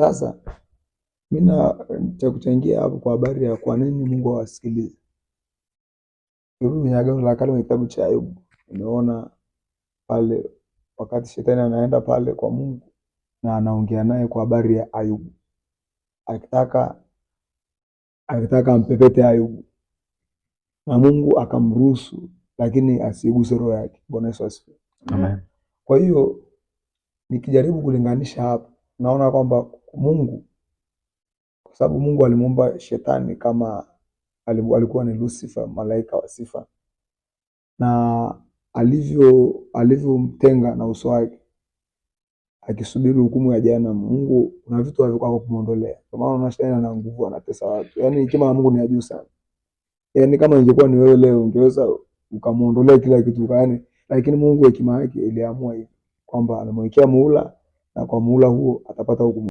Sasa mimi cha hapo kwa habari ya kwa nini Mungu awasikilize. Kirudi kwenye Agano la Kale, kitabu cha Ayubu, umeona pale wakati shetani anaenda pale kwa Mungu na anaongea naye kwa habari ya Ayubu, akitaka akitaka ampepete Ayubu na Mungu akamruhusu, lakini asiguse roho yake. Bwana Yesu asifiwe. Amen. Kwa hiyo nikijaribu kulinganisha hapa, naona kwamba Mungu, kwa sababu Mungu alimuumba shetani kama alikuwa ni Lucifer, malaika wa sifa, na alivyo alivyomtenga na uso wake akisubiri hukumu ya jana. Mungu una vitu havikwa kumwondolea, kwa maana unaona shetani ana nguvu, anatesa watu. Yani hekima ya Mungu ni ya juu sana. Yani kama ingekuwa ni wewe leo ungeweza ukamwondolea kila kitu yani, lakini Mungu hekima yake iliamua hivi kwamba anamwekea muhula na kwa muhula huo atapata hukumu.